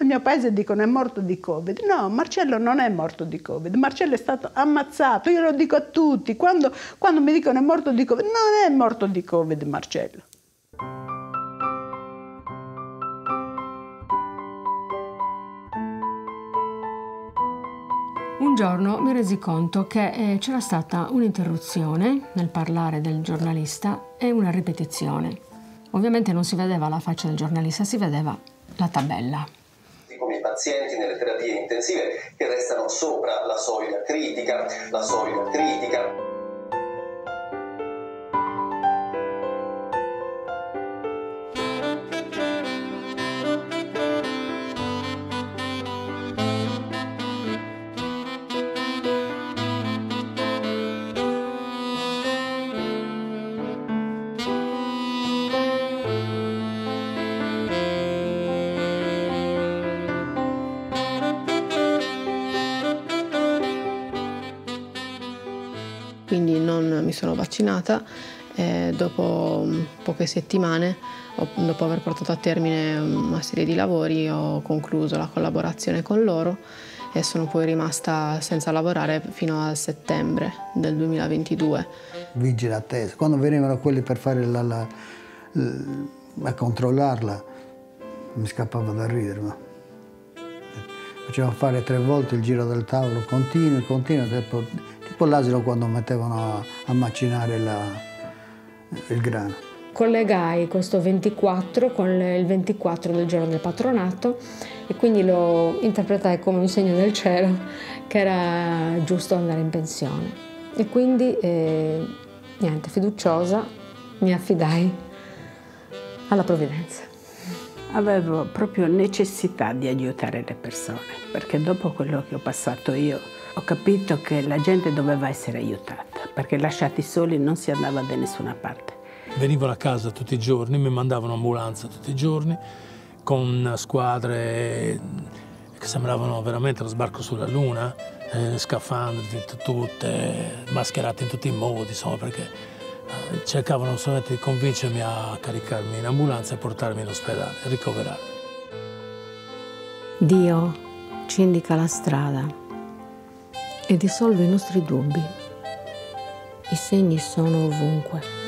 Al mio paese dicono è morto di Covid. No, Marcello non è morto di Covid. Marcello è stato ammazzato. Io lo dico a tutti. Quando, quando mi dicono è morto di Covid, non è morto di Covid Marcello. Un giorno mi resi conto che eh, c'era stata un'interruzione nel parlare del giornalista e una ripetizione. Ovviamente non si vedeva la faccia del giornalista, si vedeva la tabella come i pazienti nelle terapie intensive che restano sopra la soglia critica, la soglia critica. quindi non mi sono vaccinata. E eh, dopo mm, poche settimane, dopo aver portato a termine mm, una serie di lavori, ho concluso la collaborazione con loro e sono poi rimasta senza lavorare fino a settembre del 2022. Vigile attesa, quando venivano quelli per fare la, la, la, a controllarla mi scappava da ridere, ma facevano fare tre volte il giro del tavolo continuo, continuo, con quando mettevano a macinare la, il grano. Collegai questo 24 con il 24 del giorno del patronato e quindi lo interpretai come un segno del cielo che era giusto andare in pensione. E quindi, eh, niente, fiduciosa, mi affidai alla provvidenza. Avevo proprio necessità di aiutare le persone, perché dopo quello che ho passato io ho capito che la gente doveva essere aiutata, perché lasciati soli non si andava da nessuna parte. Venivano a casa tutti i giorni, mi mandavano ambulanza tutti i giorni, con squadre eh, che sembravano veramente lo sbarco sulla luna, eh, scafandri tutte, mascherate in tutti i modi, insomma, perché eh, cercavano solamente di convincermi a caricarmi in ambulanza e portarmi in ospedale, ricoverarmi. Dio ci indica la strada e dissolve i nostri dubbi. I segni sono ovunque.